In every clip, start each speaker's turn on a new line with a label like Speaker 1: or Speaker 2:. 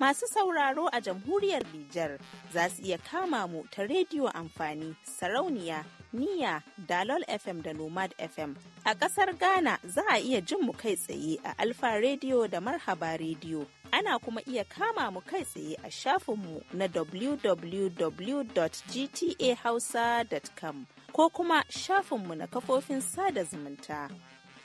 Speaker 1: Masu sauraro a jamhuriyar Nijar za su iya kama mu ta rediyo amfani, sarauniya, niya, dalol FM da Nomad FM. A ƙasar Ghana za a iya jin mu kai tsaye a Alfa Rediyo da Marhaba Rediyo. Ana kuma iya kama mu kai tsaye a shafinmu na www.gtahausa.com ko kuma shafinmu na kafofin sada zumunta.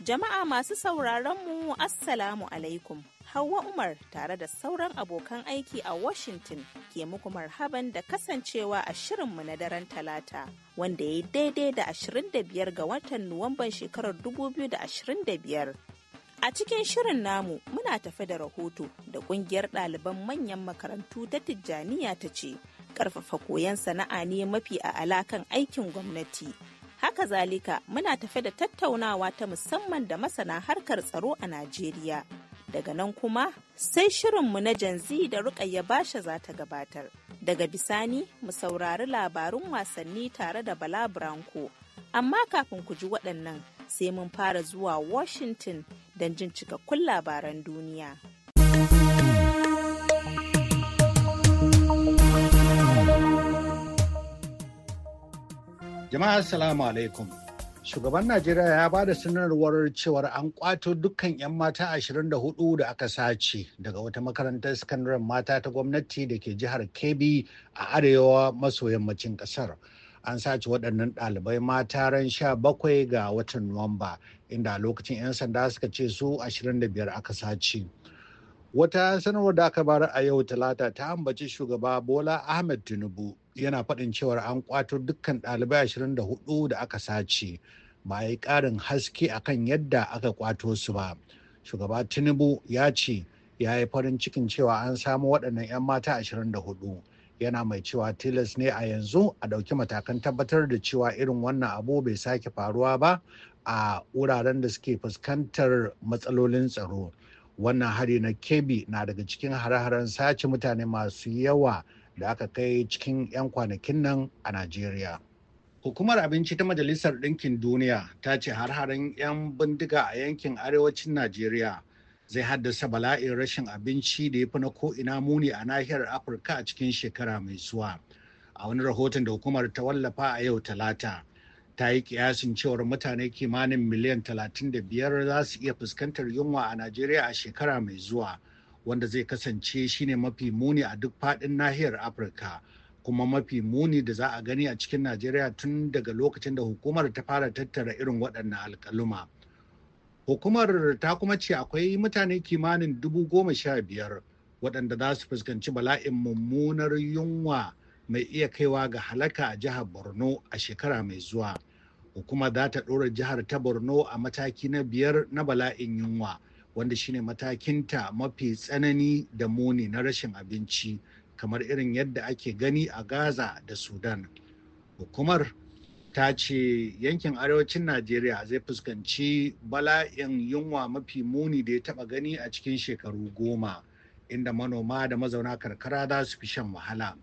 Speaker 1: Jama'a masu sauraron mu Assalamu alaikum. Hauwa Umar tare da sauran abokan aiki a Washington ke muku marhaban da kasancewa a shirinmu na daren talata wanda ya yi daidai da 25 ga watan Nuwamban shekarar 2025. A cikin shirin namu muna tafi da rahoto da kungiyar ɗaliban manyan makarantu ta Tijjaniya ta ce, ƙarfafa koyon sana'a ne mafi a alakan aikin gwamnati. haka zalika muna tafi da tattaunawa ta musamman da masana harkar tsaro a Najeriya Daga nan kuma sai shirinmu na janzi da rukayya basha za ta gabatar. Daga bisani mu saurari labarun wasanni tare da Bala Branko. Amma kafin ku ji waɗannan sai mun fara zuwa Washington don jin cikakkun labaran duniya.
Speaker 2: Jama'a Assalamu alaikum. shugaban najeriya ya ba da sanarwar cewar an kwato dukkan 'yan mata 24 da aka sace daga wata makarantar sakandaren mata ta gwamnati da ke jihar kebbi a arewa maso yammacin kasar an sace waɗannan ɗalibai mata ran 17 ga watan nuwamba inda lokacin 'yan sanda suka ce su 25 aka sace wata sanarwar da aka bayar a yau talata ta ambaci shugaba bola ahmed tinubu yana faɗin cewar an kwato dukkan ɗalibai 24 da aka sace ba a yi ƙarin haske akan yadda aka kwato su ba shugaba tinubu ya ce ya yi farin cikin cewa an samu waɗannan 'yan mata 24 yana mai cewa tilas ne a yanzu a ɗauki matakan tabbatar da cewa irin wannan abu bai sake faruwa ba a wuraren da suke fuskantar matsalolin tsaro wannan hari na kebi na daga cikin hare-haren sace mutane masu yawa da aka kai cikin 'yan kwanakin nan a Najeriya. Hukumar Abinci ta Majalisar Ɗinkin Duniya ta ce har-haren 'yan bindiga a yankin arewacin Najeriya zai haddasa bala'in rashin abinci da ya fi na ko'ina muni a nahiyar Afirka a cikin shekara mai zuwa. A wani rahoton da hukumar ta wallafa a yau Talata, ta yi kiyasin cewar mutane kimanin miliyan 35 za su iya fuskantar yunwa a Najeriya a shekara mai zuwa. wanda zai kasance shine mafi muni a duk fadin nahiyar afirka kuma mafi muni da za a gani a cikin najeriya tun daga lokacin da hukumar ta fara tattara irin waɗannan alƙaluma hukumar ta kuma ce akwai mutane kimanin dubu goma sha biyar waɗanda za su fuskanci bala'in mummunar yunwa mai iya kaiwa ga halaka a jihar borno a shekara mai zuwa hukumar za ta ɗora jihar ta borno a mataki na biyar na bala'in yunwa wanda shine matakinta mafi tsanani da muni na rashin abinci kamar irin yadda ake gani a gaza da sudan hukumar ta ce yankin arewacin najeriya zai fuskanci bala'in yunwa mafi muni da ya taba gani a cikin shekaru goma inda manoma da mazauna karkara za su fi shan wahala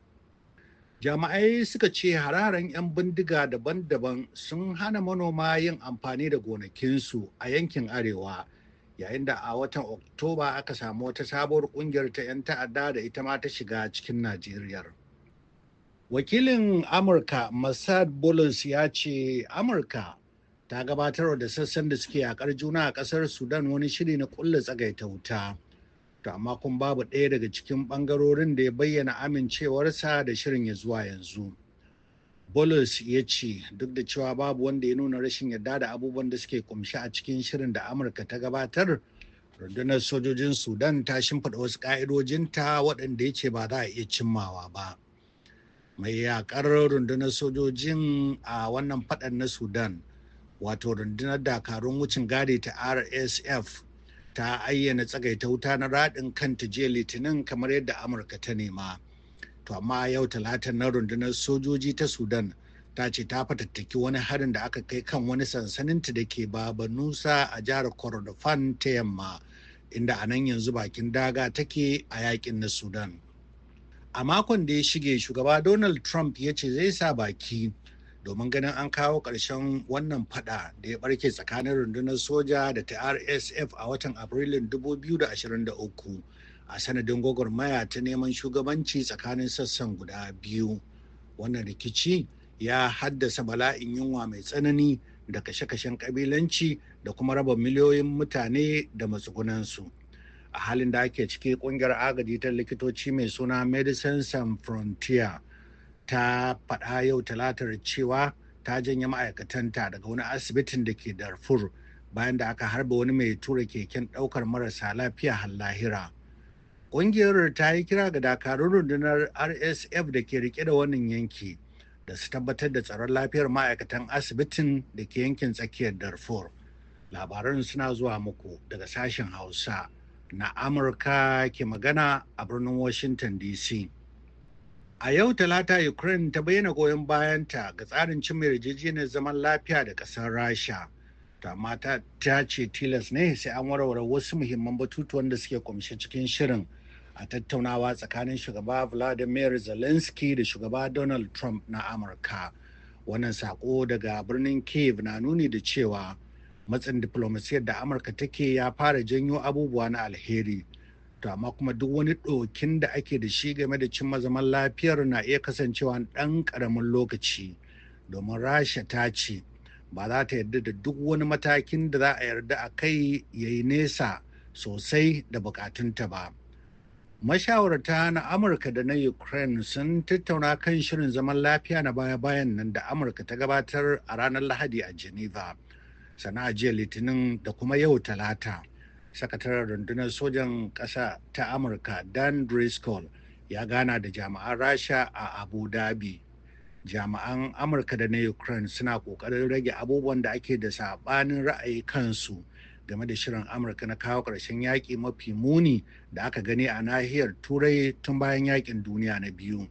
Speaker 2: Jami'ai suka ce hararen 'yan bindiga daban-daban sun hana manoma yin amfani da gonakinsu a yankin arewa yayin da a watan oktoba aka samu wata sabuwar kungiyar ta 'yan ta'adda da ita ma ta shiga cikin najeriya wakilin amurka masad bulus ya ce amurka ta gabatar da sassan da suke yakar juna a kasar sudan wani shiri na kulle tsagaita wuta to amma kun babu ɗaya daga cikin ɓangarorin da ya bayyana amincewarsa da shirin ya zuwa yanzu Bolus ya ce duk da cewa babu wanda ya nuna rashin yarda da abubuwan da suke kumshi a cikin shirin da Amurka ta gabatar, rundunar sojojin Sudan ta shimfiɗa wasu ƙa'idojinta waɗanda ya ce ba za a iya cimmawa ba. Mai yaƙar rundunar sojojin a wannan faɗan na Sudan, wato rundunar dakarun wucin gadi ta RSF ta ayyana tsagaita wuta na raɗin kanta jiya litinin kamar yadda Amurka ta nema. to amma yau talata na rundunar sojoji ta sudan ta ce ta fatattaki wani harin da aka kai kan wani sansaninta da ke baba nusa a jihar kordofan ta yamma inda a nan yanzu bakin daga take a yakin na sudan a makon da ya shige shugaba donald trump ya ce zai sa baki domin ganin an kawo ƙarshen wannan fada da ya barke tsakanin rundunar soja da ta rsf a watan afrilun 2023 a sanadin gwagwarmaya ta neman shugabanci tsakanin sassan guda biyu wannan rikici ya haddasa bala'in yunwa mai tsanani da kashe-kashen kabilanci da kuma raba miliyoyin mutane da matsugunansu a halin da ake ciki kungiyar agaji ta likitoci mai suna medicine san frontier ta faɗa yau talatar cewa ta janye ma'aikatanta daga wani asibitin da ke darfur bayan da aka harba wani mai tura keken ɗaukar marasa lafiya har lahira. Ƙungiyar ta yi kira ga dakarun rundunar RSF da ke rike da wannan yanki da su tabbatar da tsaron lafiyar ma'aikatan asibitin da ke yankin tsakiyar Darfur. Labaran suna zuwa muku daga sashen Hausa na Amurka ke magana a birnin Washington DC. A yau talata Ukraine ta bayyana goyon bayanta ga tsarin cin yarjejeniyar zaman lafiya da ƙasar Rasha. amma ta ce tilas ne sai an warware wasu muhimman batutuwan da suke kumshe cikin shirin a tattaunawa tsakanin shugaba Vladimir Zelensky da shugaba Donald Trump na Amurka. Wannan sako daga birnin Kiev na nuni da cewa matsin diplomasiyar da Amurka take ya fara janyo abubuwa na alheri. To amma kuma duk wani ɗokin da ake da shi game da cimma zaman lafiyar na iya kasancewa ɗan ƙaramin lokaci domin Rasha ta ce ba za ta yarda da duk wani matakin da za a yarda a kai ya yi nesa sosai da bukatunta ba. mashawarta na amurka da na ukraine sun tattauna kan shirin zaman lafiya na baya-bayan nan da amurka ta gabatar a ranar lahadi a geneva sana'a jiya litinin da kuma yau talata sakataren rundunar sojan ƙasa ta amurka dan driscoll ya gana da jami'an rasha a abu dhabi jami'an amurka da na ukraine suna ƙoƙarin rage abubuwan da ake da saɓanin ra'ayi kansu game da shirin amurka na kawo ƙarshen yaƙi mafi muni da aka gani a nahiyar turai tun bayan yaƙin duniya na biyu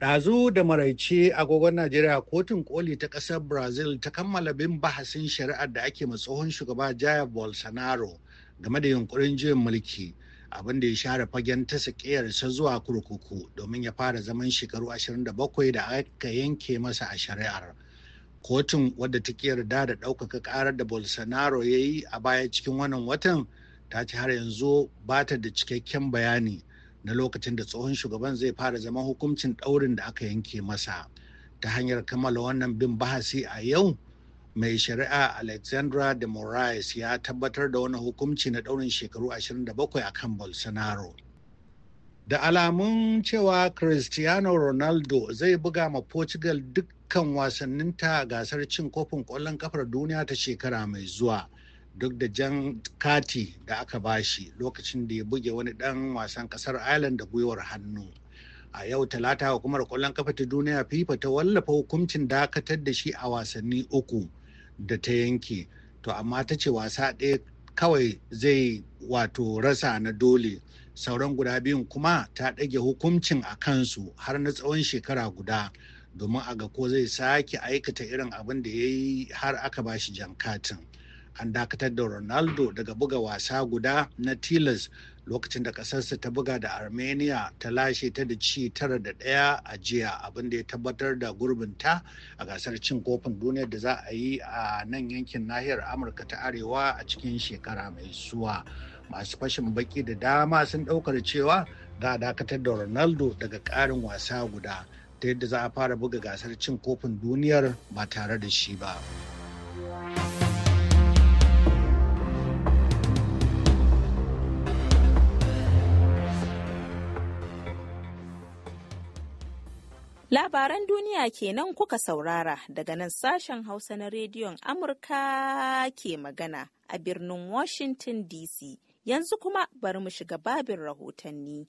Speaker 2: ɗazu da maraice agogon najeriya kotun koli ta ƙasar brazil ta kammala bin bahasin shari'ar da ake tsohon shugaba jaya bolsonaro game da yunkurin juyin mulki abin da ya share fagen ta sa zuwa kurkuku domin ya fara zaman shekaru 27 da aka yanke masa a shari'ar kotun wadda ta yarda da ɗaukaka ƙarar da bolsonaro ya yi a baya cikin wannan watan ta ce har yanzu ba ta da cikakken bayani na lokacin da tsohon shugaban zai fara zama hukuncin ɗaurin da aka yanke masa ta hanyar kammala wannan bin bahasi a yau mai shari'a alexandra de moraes ya tabbatar da wani hukunci na ɗaurin shekaru 27 a kan bolsonaro da alamun cewa cristiano ronaldo zai buga ma portugal duk kan wasanninta a gasar cin kofin ƙwallon kafar duniya ta shekara mai zuwa duk da jan kati da aka bashi lokacin da ya buge wani ɗan wasan ƙasar Ireland da gwiwar hannu. A yau talata hukumar ƙwallon kafa ta duniya FIFA ta wallafa hukuncin dakatar da shi a wasanni uku da ta yanke. To amma ta ce wasa ɗaya kawai zai wato rasa na dole sauran guda biyun kuma ta ɗage hukuncin a kansu har na tsawon shekara guda domin a ga ko zai sake aikata irin abin da ya yi har aka ba shi jankatin katin an dakatar da ronaldo daga buga wasa guda na tilas lokacin da ƙasarsa ta buga da armenia ta lashe ta da ci tara da ɗaya a jiya abin da ya tabbatar da gurbinta a gasar cin kofin duniya da za a yi a nan yankin nahiyar amurka ta arewa a cikin shekara mai zuwa masu fashin baki da dama sun ɗaukar cewa ga dakatar da ronaldo daga ƙarin wasa guda ta yadda za a fara buga gasar cin kofin duniyar ba tare da shi ba.
Speaker 1: Labaran duniya kenan kuka saurara daga nan sashen Hausa na rediyon Amurka ke magana a birnin Washington DC. Yanzu kuma bari mu shiga babin rahotanni.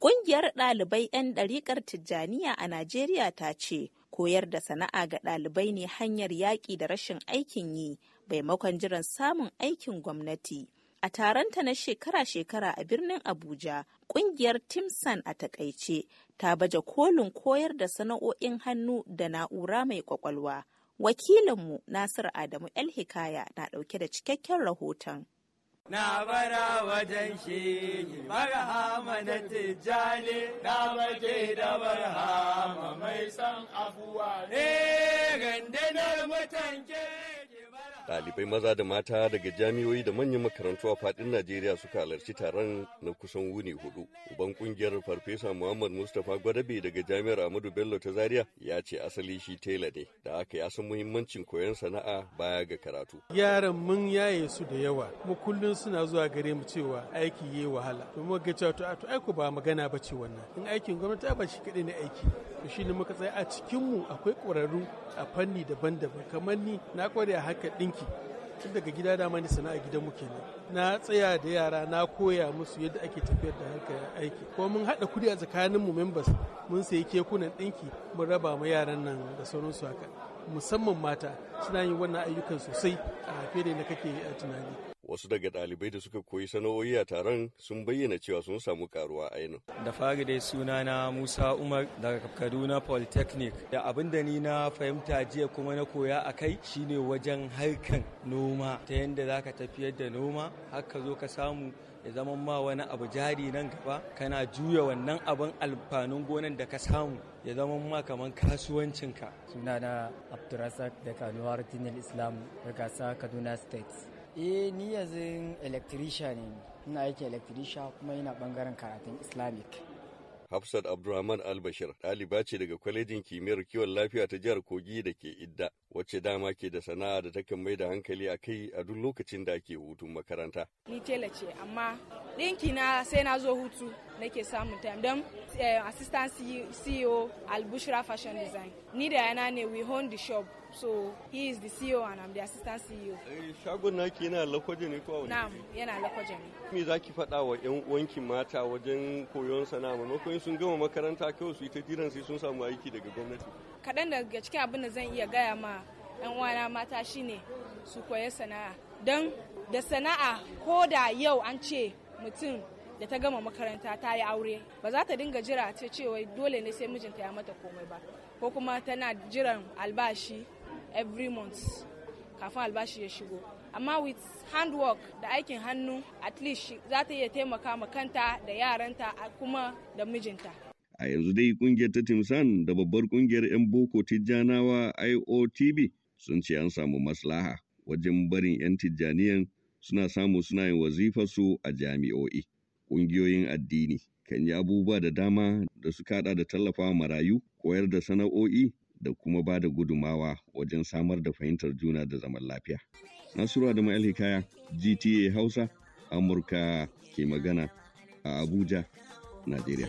Speaker 1: Ƙungiyar ɗalibai 'yan ɗariƙar Tijjaniya a Najeriya ta ce, koyar da sana'a ga ɗalibai ne hanyar yaƙi da rashin aikin yi, maimakon jiran samun aikin gwamnati. A taronta na shekara-shekara a birnin Abuja, ƙungiyar Timsan a takaice ta baje kolin koyar da sana'o'in hannu da na'ura mai ƙwaƙwalwa. Wakilinmu Nasiru Adamu El Hikaya na ɗauke da cikakken rahoton.
Speaker 3: na bara wajen shehi barhama na tijjani na bake da barhama mai
Speaker 4: san afuwa ne eh,
Speaker 3: mutan matanke.
Speaker 5: Ɗalibai maza da mata daga jami'oi da manyan makarantu a faɗin Najeriya suka halarci taron na kusan wuni hudu. Uban kungiyar Farfesa Muhammad Mustapha Gwadabe daga Jami'ar Ahmadu Bello ta Zaria ya ce asali shi tela ne da aka ya san muhimmancin koyon sana'a baya ga karatu.
Speaker 4: Yaran mun yaye su da yawa kuma kullum suna zuwa gare mu cewa aiki yi wahala. To mu ga cewa to aiko ba magana ba ce wannan. In aikin gwamnati ba shi kaɗai ne aiki. To ne muka tsaya a cikinmu akwai ƙwararru a fanni daban-daban kamar ni na ƙware a haka ɗinki aiki tun daga gida dama sana'a gidan mu kenan na tsaya da yara na koya musu yadda ake tafiyar da harkar aiki ko mun haɗa kuɗi a tsakanin mu members mun sayi kekunan ɗinki mun raba ma yaran nan da sauransu haka musamman mata suna yin wannan ayyukan sosai a fere na kake tunani
Speaker 5: Wasu daga ɗalibai da suka koyi sana'o'i a taron sun bayyana cewa sun samu karuwa a yanu. Da
Speaker 3: fari dai suna na Musa Umar daga Kaduna Polytechnic. Da abin da ni na fahimta jiya kuma na koya a kai shine wajen harkan noma ta yadda za ka tafiyar da noma har ka zo ka samu ya zama ma wani abu jari nan gaba kana juya wannan abin alfanun gonan da ka samu ya zama ma kamar kasuwancinka sunana abdurrazak da nuwar islam daga kaduna state eh ni
Speaker 6: yanzu electrician ne ina aiki electrician kuma ina bangaren karatun islamic
Speaker 5: Hafsat Abdulrahman Albashir ɗaliba ce daga kwalejin kimiyyar kiwon lafiya ta jihar Kogi da ke Idda, wacce dama ke da sana'a da takan mai da hankali a kai a duk lokacin da ake hutun makaranta.
Speaker 1: Ni tela ce, amma ɗinki na sai na zo hutu, nake samun time don eh, assistant CEO Albushra Fashion Design. Ni da yana ne we own the shop. So he is the CEO and I'm the assistant CEO.
Speaker 5: Eh, shagon naki yana lakwaje ne ko wani? Na'am,
Speaker 1: yana lakwaje ne.
Speaker 5: Me zaki faɗa wa 'yan wankin mata wajen koyon sana'a maimakon sun gama makaranta kawai su yi ta jiran sai sun samu aiki daga gwamnati?
Speaker 1: Kaɗan daga cikin abin da zan iya gaya ma 'yan uwana mata shine su koya sana'a. Don da sana'a ko da yau an ce mutum da ta gama makaranta ta yi aure ba za ta dinga jira ta cewa dole ne sai mijinta ya mata komai ba ko kuma tana jiran albashi every month kafin albashi ya shigo amma with handwork da aikin hannu at least za ta iya taimaka ma kanta da yaranta kuma da
Speaker 3: mijinta
Speaker 5: a yanzu dai kungiyar ta timsan da babbar kungiyar 'yan boko tijjanawa iotb sun ce an samu maslaha wajen barin 'yan tijjaniyan suna samu suna yin su a jami'o'i ƙungiyoyin addini kan yi abubuwa da dama da su haɗa da tallafawa marayu, koyar da sana'o'i da kuma ba da gudumawa wajen samar da fahimtar juna da zaman lafiya. Nasiru Adamu Alhikaya, GTA Hausa, Amurka ke magana a Abuja, Najeriya.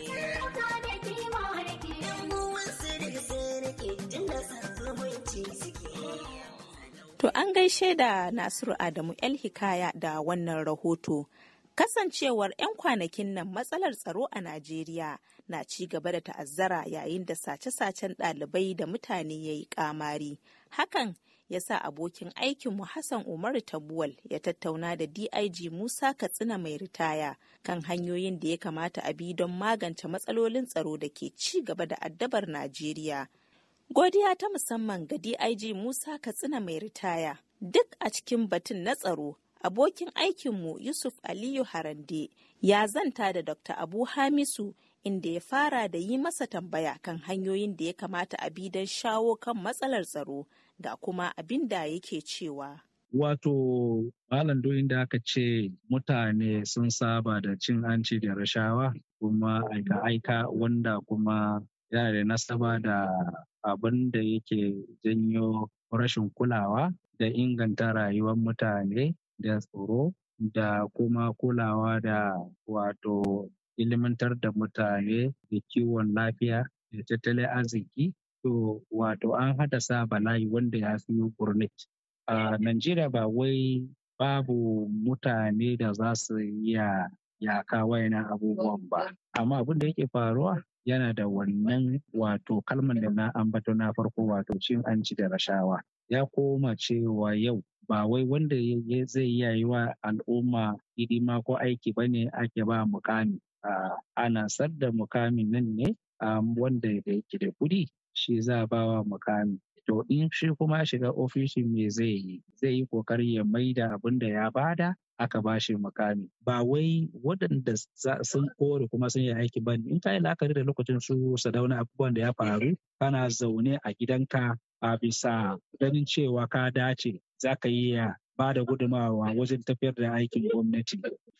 Speaker 1: To an gaishe da Nasiru Adamu El Hikaya da wannan rahoto. Kasancewar 'yan kwanakin nan matsalar tsaro a Najeriya na ci gaba da ta'azzara yayin da sace-sacen ɗalibai da mutane ya yi ƙamari. Hakan ya sa abokin aikinmu Hassan Umaru Tabuwal ya tattauna da DIG Musa Katsina mai ritaya kan hanyoyin da ya kamata a bi don magance matsalolin tsaro da ke ci gaba da addabar Najeriya. Godiya ta musamman ga DIG Musa Katsina mai ritaya duk a cikin batun na tsaro Abokin aikinmu Yusuf Aliyu Harande ya zanta da Dr. Abu Hamisu inda ya fara da yi masa tambaya kan hanyoyin da ya kamata a bi don shawo kan matsalar tsaro ga kuma abin da yake cewa.
Speaker 3: Wato, malam doyin da aka ce mutane sun saba da cin hanci da rashawa kuma aika-aika wanda kuma yana da nasaba da abin da yake janyo rashin kulawa da inganta rayuwar mutane da tsaro da kuma kulawa da wato ilimantar da mutane da kiwon lafiya da tattalin arziki to wato an hada sa bala'i wanda ya fi gurnet a najeriya ba wai babu mutane da za su iya yaka wayanan abubuwan ba amma abin da yake faruwa yana da wannan wato kalman da na ambato na farko wato cin anci da rashawa ya koma cewa yau ba wai wanda zai iya yi wa al'umma hidima ko aiki ba ne ake ba mukami ana sar da mukamin nan ne wanda da yake da kuɗi shi za ba wa mukami to in shi kuma shiga ofishin me zai yi zai yi kokari ya maida abin da ya bada aka ba shi mukami ba wai waɗanda sun kore kuma sun yi aiki ba in ka yi la'akari da lokacin su sadauna abubuwan da ya faru kana zaune a gidanka a bisa ganin cewa ka dace za ka yi ya ba da gudumawa wajen tafiyar da aikin gwamnati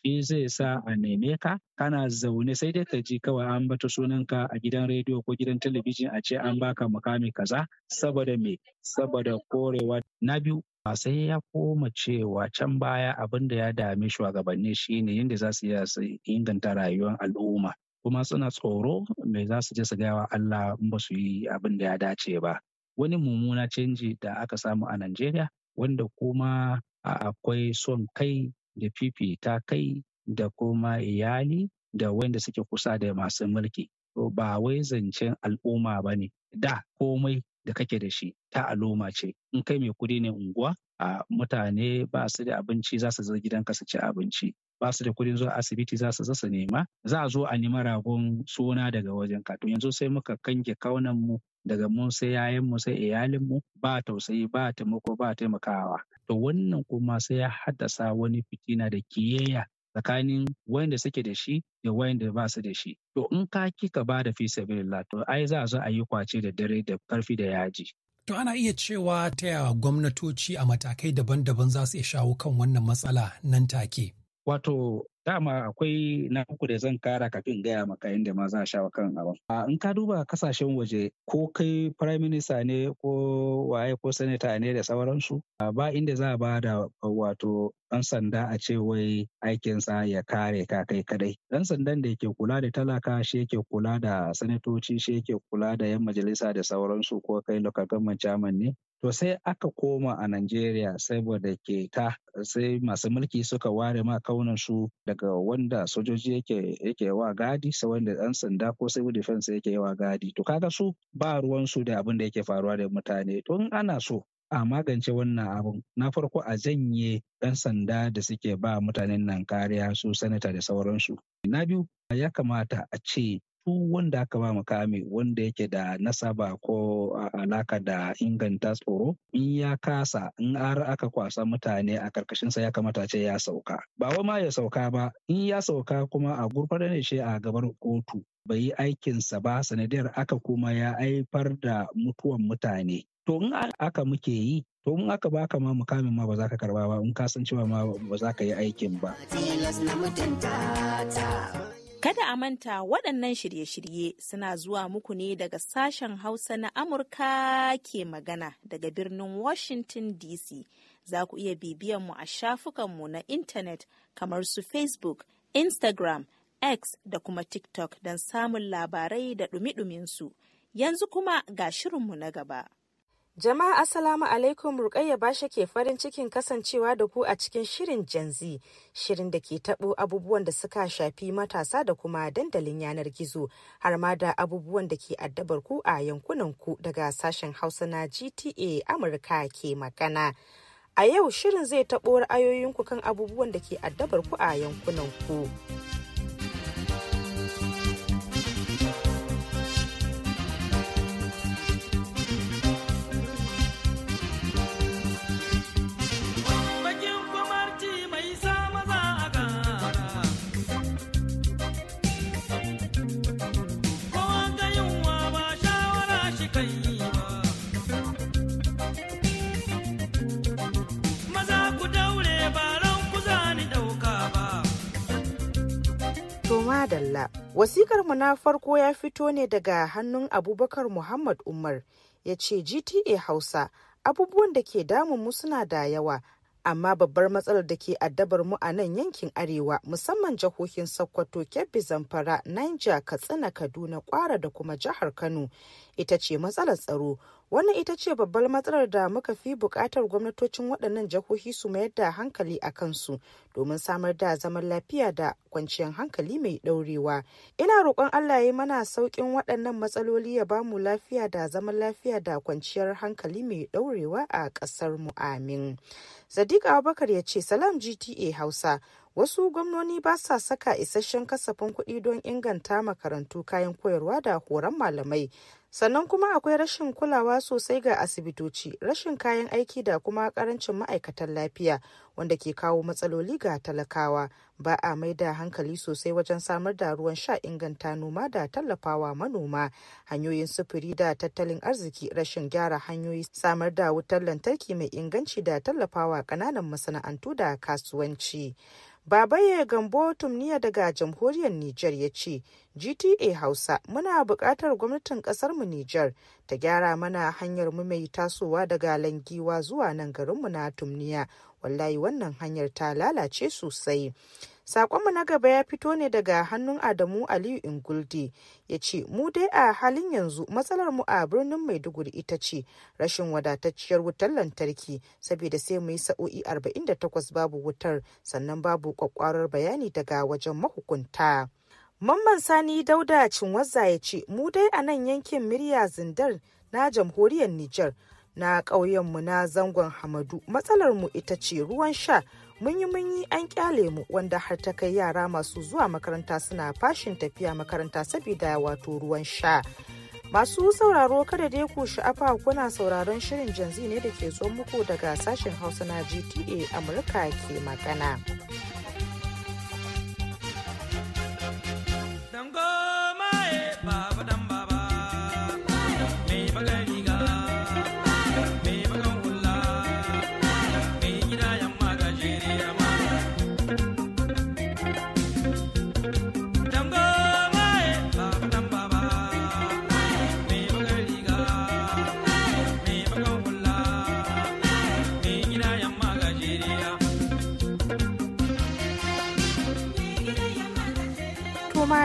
Speaker 3: shi zai sa a neme ka kana zaune sai dai ka ji kawai an bata sunanka a gidan rediyo ko gidan talabijin a ce an baka mukami kaza saboda me saboda korewa na biyu sai ya koma cewa can baya abin da ya dami shugabanni shine yadda za su iya inganta rayuwar al'umma kuma suna tsoro mai za su je su gaya wa Allah in ba su yi abin da ya dace ba wani mummuna canji da aka samu a Najeriya wanda kuma akwai son kai da fifita kai da kuma iyali da wanda suke kusa da masu mulki ba wai zancen al'umma ba ne da komai da kake da shi ta al'umma ce in kai mai kudi ne unguwa a mutane ba su da abinci za su zo gidanka su ci abinci ba su da kudin zuwa asibiti za su nema za a zo a nemi ragon suna daga wajen ka to yanzu sai muka kange kaunan mu daga mun sai yayan mu sai iyalin mu ba tausayi ba taimako ba taimakawa to wannan kuma sai ya haddasa wani fitina da kiyayya tsakanin wanda suke da shi da wayanda ba su da shi to in ka kika ba da fisabilillah to ai za a zo a yi kwace da dare da karfi da yaji
Speaker 2: To ana iya cewa ta gwamnatoci a matakai daban-daban za su iya shawo kan wannan matsala nan take.
Speaker 3: Wato dama akwai na uku da zan kara kafin gaya maka inda ma za a sha kan abin in ka duba kasashen waje ko kai prime minister ne ko waye ko senator ne da sauransu ba inda za a ba da wato ɗan sanda a ce wai aikinsa ya kare ka kai kadai. Ɗan sandan da yake kula da talaka shi yake kula da sanatoci shi yake kula da 'yan majalisa da sauransu ko kai local government chairman ne. To sai aka koma a Najeriya saboda ke ta sai masu mulki suka ware ma kaunan su da daga wanda sojoji yake yake wa gadi sai wanda ɗan sanda ko civil defense yake yawa gadi to kaga su ba ruwan su da abin da yake faruwa da mutane to in ana so a magance wannan abun na farko a janye ɗan sanda da suke ba mutanen nan kariya su sanata da sauransu na biyu ya kamata a ce duk wanda aka ba mukami wanda yake da nasaba ko alaka da inganta tsoro in ya kasa in har aka kwasa mutane a karkashin sa ya kamata ce ya sauka ba wai ma ya sauka ba in ya sauka kuma a gurfanar da shi a gabar kotu bai yi aikinsa ba sanadiyar aka kuma ya haifar da mutuwan mutane to in aka muke yi to in aka baka ma mukamin ma ba za ka karba ba in kasancewa ma ba za ka yi aikin ba.
Speaker 1: Kada a manta waɗannan shirye-shirye suna zuwa muku ne daga sashen Hausa na Amurka ke magana daga birnin Washington DC. Za ku iya bibiyan mu a shafukanmu na intanet kamar su Facebook, Instagram, X da kuma TikTok don samun labarai da ɗumi-ɗuminsu. Yanzu kuma ga shirinmu na gaba. Jama'a
Speaker 6: Assalamu alaikum Rukayya sha ke farin cikin kasancewa da ku a cikin shirin Gen Z, shirin da ke tabo abubuwan da suka shafi matasa da kuma dandalin yanar gizo, har ma da abubuwan da ke addabar ku a yankunan ku daga sashen Hausa na GTA Amurka ke magana. A yau shirin zai tabo ra'ayoyinku kan abubuwan da ke addabar ku a yankunan ku. dalla Wasikar mu na farko ya fito ne daga hannun Abubakar Muhammad Umar ya ce GTA Hausa abubuwan da ke damun mu suna da yawa amma babbar matsalar da ke addabar mu a nan yankin arewa musamman jihohin sokoto kebbi zamfara niger katsina kaduna kwara da kuma jihar kano ita ce matsalar tsaro Wannan ita ce babbar matsalar da muka fi bukatar gwamnatocin waɗannan jihohi su mayar da hankali a kansu domin samar da zaman lafiya da kwanciyar hankali mai ɗaurewa. Ina roƙon Allah ya mana sauƙin waɗannan matsaloli ya bamu lafiya da zaman lafiya da kwanciyar hankali mai ɗaurewa a ƙasar mu amin. Sadiq Abubakar ya ce Salam GTA Hausa wasu gwamnoni ba sa saka isasshen kasafin kuɗi don inganta makarantu kayan koyarwa da horon malamai sannan kuma akwai rashin kulawa sosai ga asibitoci rashin kayan aiki da kuma karancin ma'aikatan lafiya wanda ke kawo matsaloli ga talakawa ba a mai da hankali sosai wajen samar da ruwan sha inganta noma da tallafawa manoma hanyoyin sufuri da tattalin arziki rashin gyara hanyoyi samar da wutar lantarki mai inganci da tallafawa ƙananan masana'antu da kasuwanci Babaye Gambo Tumniya daga jamhuriyar Nijar ya ce, GTA Hausa muna buƙatar gwamnatin ƙasarmu Nijar ta gyara mana hanyar mu mai tasowa daga Langiwa zuwa nan garinmu na Tumniya. Wallahi wannan hanyar ta lalace sosai. Sakonmu na gaba ya fito ne daga hannun Adamu Aliyu Ingulde ya ce, Mu dai a halin yanzu matsalar mu a birnin Maiduguri ita ce rashin wadatacciyar wutar lantarki saboda sai mu yi sa'o'i 48 babu wutar sannan babu kwakwarar bayani daga wajen mahukunta. Mamman Sani Dauda Cinwazza ya ce, Mu dai a nan yankin Mirya Zindar na jamhuriyar Nijar na ƙauyenmu na zangon Hamadu matsalar mu ita ce ruwan sha mun yi mun yi an kyale mu wanda har ta kai yara masu zuwa makaranta suna fashin tafiya makaranta saboda wato ruwan sha masu sauraro kada dai ku sha'afa kuna sauraron shirin janzi ne da ke zo muku daga sashen hausa na gta amurka ke magana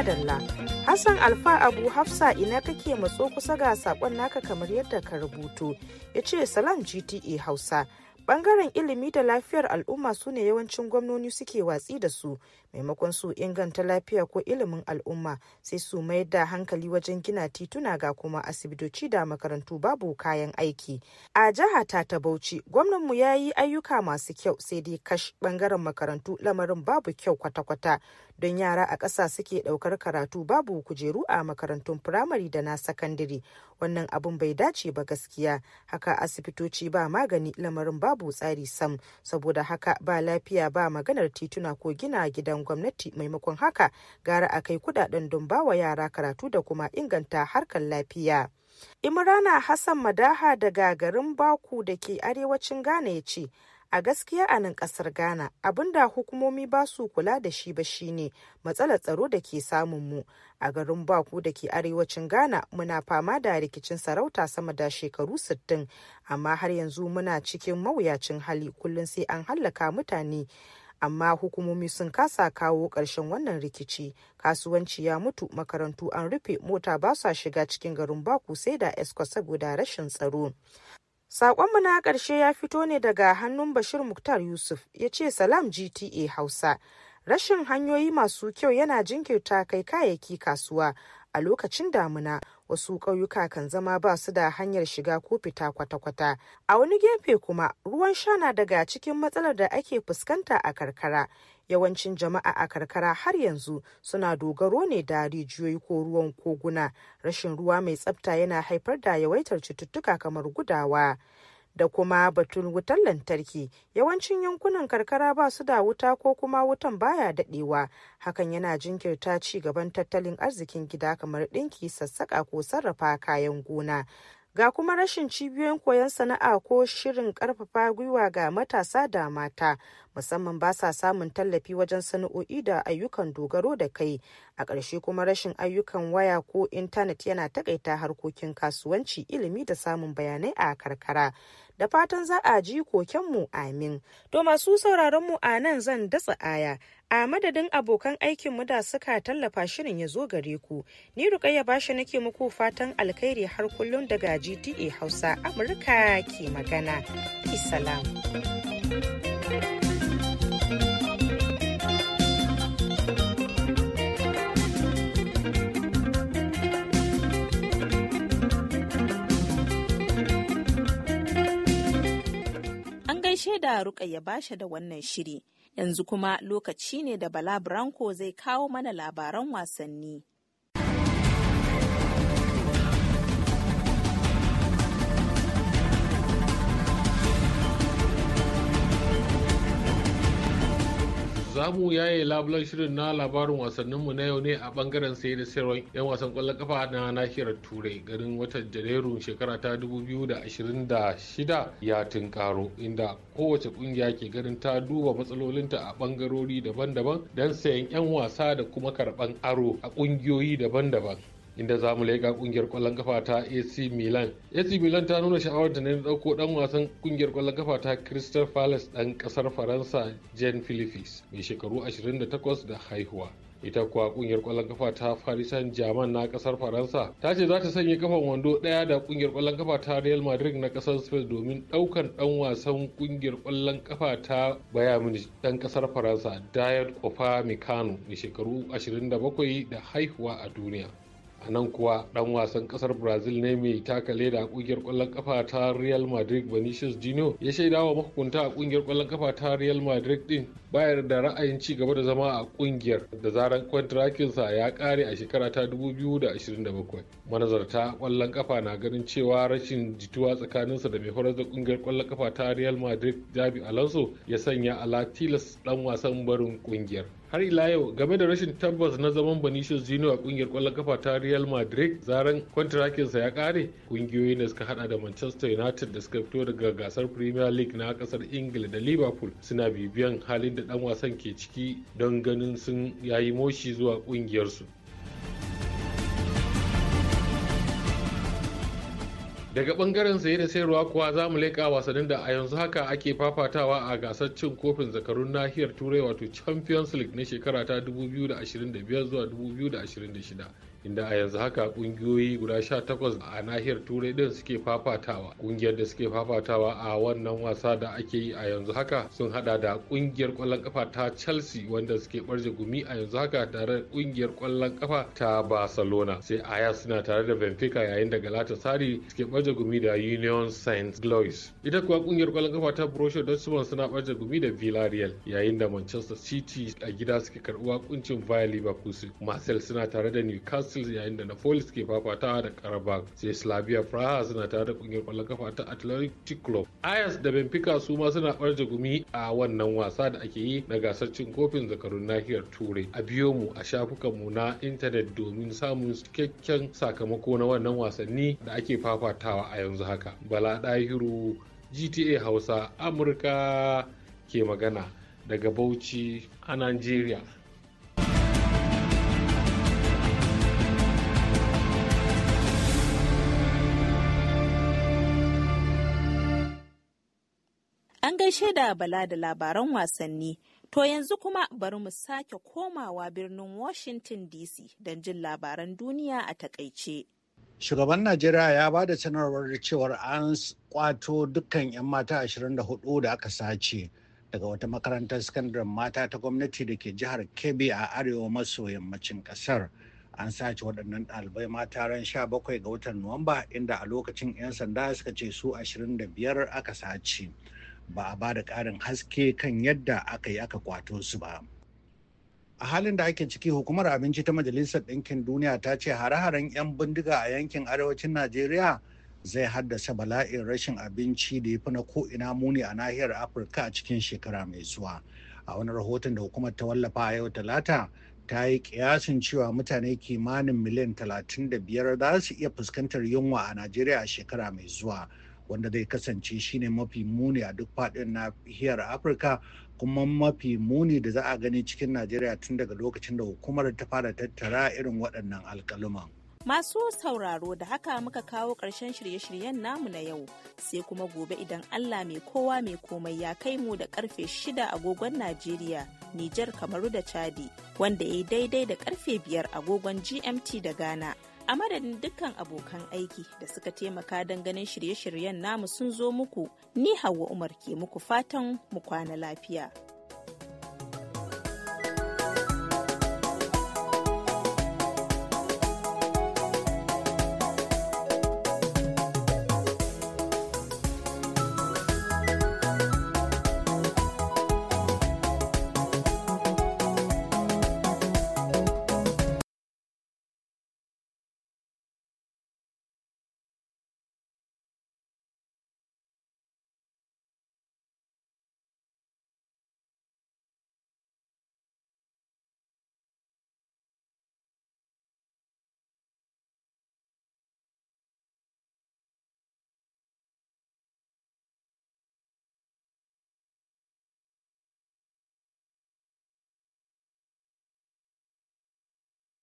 Speaker 6: madalla. Hassan Alfa Abu Hafsa ina kake matso kusa ga sakon naka kamar yadda ka rubuto. Ya ce Salam GTA Hausa. Bangaren ilimi da lafiyar al'umma su ne yawancin gwamnoni suke watsi da su maimakon su inganta lafiya ko ilimin al'umma sai su mayar da hankali wajen gina tituna ga kuma asibitoci da makarantu babu kayan aiki a jiha ta ta bauchi gwamnanmu ya yi ayyuka masu kyau sai dai kash bangaren makarantu lamarin babu kyau kwata-kwata don yara a ƙasa suke ɗaukar karatu babu kujeru a makarantun firamare da na sakandare wannan abun bai dace ba gaskiya haka asibitoci ba magani lamarin babu tsari sam saboda haka ba lafiya ba maganar tituna ko gina gidan gwamnati maimakon haka gara a kai kudaden don bawa yara karatu da kuma inganta harkar lafiya. Imrana Hassan Madaha daga garin Baku da ke arewacin Ghana ya ce, a gaskiya a nan kasar ghana abinda hukumomi ba su kula da shi ba shine matsalar tsaro da ke samun mu a garin baku da ke arewacin ghana muna fama da rikicin sarauta sama da shekaru 60 amma har yanzu muna cikin mawuyacin hali kullum sai an hallaka mutane amma hukumomi sun kasa kawo ƙarshen wannan rikici kasuwanci ya mutu makarantu an rufe mota ba sa shiga cikin garin baku sai da escort saboda rashin tsaro saƙonmu na ƙarshe ya fito ne daga hannun Bashir Muktar Yusuf ya ce Salam GTA Hausa. Rashin hanyoyi masu kyau yana jinkirta kai kayayyaki kasuwa a lokacin damuna wasu ƙauyuka kan zama ba su da hanyar shiga ko fita kwata-kwata a wani gefe kuma ruwan sha na daga cikin matsalar da ake fuskanta a karkara yawancin jama'a a karkara har yanzu suna dogaro ne da rijiyoyi ko ruwan koguna rashin ruwa mai tsafta yana haifar da yawaitar cututtuka kamar gudawa da kuma batun wutar lantarki yawancin yankunan karkara ba su da wuta ko kuma wutan baya daɗewa hakan yana jinkirta ci gaban tattalin arzikin gida kamar ɗinki sassaka ko sarrafa kayan gona ga kuma rashin cibiyoyin koyon sana'a ko shirin karfafa gwiwa ga matasa da mata musamman ba sa samun tallafi wajen sana'o'i da ayyukan dogaro da kai a ƙarshe kuma rashin ayyukan waya ko intanet yana taƙaita harkokin kasuwanci ilimi da samun bayanai a karkara da fatan za a ji kokenmu amin to masu sauraron mu a nan zan datsa aya A madadin abokan aikinmu da suka tallafa shirin ya zo gare ku, ni Rukayya Bashi nake muku fatan alkhairi har kullum daga GTA Hausa Amurka ke magana. Isalam.
Speaker 1: da rukayya bashi da wannan shiri Yanzu kuma lokaci ne da Bala Branko zai kawo mana labaran wasanni.
Speaker 4: Za mu yaye labulan shirin na labarin wasanninmu na yau ne a bangaren sai da sayarwar 'yan wasan kwallon kafa na nahiyar Turai garin watan Janairu shekara ta 2026 ya tun karo inda kowace kungiya ke garin ta duba matsalolinta a bangarori daban-daban don sayan 'yan wasa da kuma karban aro a kungiyoyi daban-daban. inda za mu leƙa kungiyar ƙwallon kafa ta AC Milan. AC Milan ta nuna sha'awar ta ne ɗauko ɗan wasan kungiyar ƙwallon kafa ta Crystal Palace ɗan ƙasar Faransa Jean Philippis mai shekaru 28 da haihuwa. ita kuwa kungiyar ƙwallon kafa ta Paris Saint-Germain na kasar Faransa ta ce za ta sanya kafan wando ɗaya da kungiyar ƙwallon kafa ta Real Madrid na ƙasar Spain domin ɗaukan ɗan wasan kungiyar ƙwallon kafa ta Bayern Munich ɗan ƙasar Faransa Dayot Mikano mai shekaru 27 da haihuwa a duniya a nan kuwa dan wasan kasar brazil ne mai taka leda a kungiyar kwallon kafa ta real madrid vinicius junior ya shaida wa mahukunta a kungiyar kwallon kafa ta real madrid din bayar da ra'ayin ci gaba da zama a kungiyar da zaran kwantrakinsa ya kare a shekara ta 2027 manazarta kwallon kafa na ganin cewa rashin jituwa tsakaninsa da mai horar da kungiyar kwallon kafa ta real madrid jabi alonso ya sanya ala tilas dan wasan barin kungiyar har ila yau game da rashin tabbas na zaman Benicio Zino a kungiyar kwallon kafa ta Real Madrid zaren kwantarakinsa ya kare kungiyoyi da suka hada da Manchester United da suka fito daga gasar Premier League na kasar Ingila da Liverpool suna bibiyan halin da dan wasan ke ciki don ganin sun yayi moshi zuwa kungiyarsu. daga bangaren saye da sayarwa kuwa za mu leƙa wasannin da a yanzu haka ake fafatawa a gasar cin kofin zakarun nahiyar turai wato champions league na shekara ta 2025 zuwa 2026 inda a yanzu haka kungiyoyi guda 18 a nahiyar turai din suke fafatawa kungiyar da suke fafatawa a wannan wasa da ake yi a yanzu haka sun hada da kungiyar kwallon kafa ta chelsea wanda suke barje gumi a yanzu haka tare da kungiyar kwallon kafa ta barcelona sai aya suna tare da benfica yayin da galatasaray suke barje gumi da union saint louis ita kuwa kungiyar kwallon kafa ta borussia dortmund suna barje gumi da villarreal yayin da manchester city a gida suke karbuwa kuncin via leverkusen marcel suna tare da newcastle brussels yayin da napolis ke fafatawa da karabakh sai slavia praha suna tare da kungiyar kwallon kafa ta atlantic club ayas da benfica su ma suna barje gumi a wannan wasa da ake yi na gasar cin kofin zakarun nahiyar turai a biyo mu a shafukan mu na intanet domin samun cikakken sakamako na wannan wasanni da ake fafatawa a yanzu haka bala dahiru gta hausa amurka ke magana daga bauchi a nigeria
Speaker 1: gaishe da bala da labaran wasanni. To yanzu kuma bari mu sake komawa birnin Washington DC don jin labaran duniya a takaice.
Speaker 2: Shugaban Najeriya ya ba da sanarwar cewar an kwato dukkan 'yan mata 24 da aka sace daga wata makarantar sakandaren mata ta gwamnati da ke jihar Kebbi a arewa maso yammacin kasar. An sace waɗannan ɗalibai mata ran 17 ga watan Nuwamba inda a lokacin 'yan sanda suka ce su 25 aka sace. ba a ba da ƙarin haske kan yadda aka yi aka kwato su ba. a halin da ake ciki hukumar abinci ta majalisar ɗinkin duniya ta ce hare-haren 'yan bindiga a yankin arewacin najeriya zai haddasa bala'in rashin abinci da ya fi na ko'ina muni a nahiyar afirka a cikin shekara mai zuwa a wani rahoton da hukumar ta wallafa a yau talata ta yi kiyasin cewa mutane kimanin miliyan 35 za su iya fuskantar yunwa a najeriya a shekara mai zuwa wanda zai kasance shine mafi muni a duk faɗin nahiyar afirka kuma mafi muni da za a gani cikin najeriya tun daga lokacin da hukumar ta fara tattara irin waɗannan alkaluman
Speaker 1: masu sauraro da haka muka kawo ƙarshen shirye-shiryen namu na yau sai kuma gobe idan allah mai kowa mai komai ya kai mu da karfe shida agogon najeriya nijar kamaru da chadi wanda ya yi daidai da karfe biyar agogon gmt da ghana A madadin dukkan abokan aiki da suka taimaka don ganin shirye-shiryen namu sun zo muku, ni Hauwa Umar ke muku fatan mu kwana lafiya.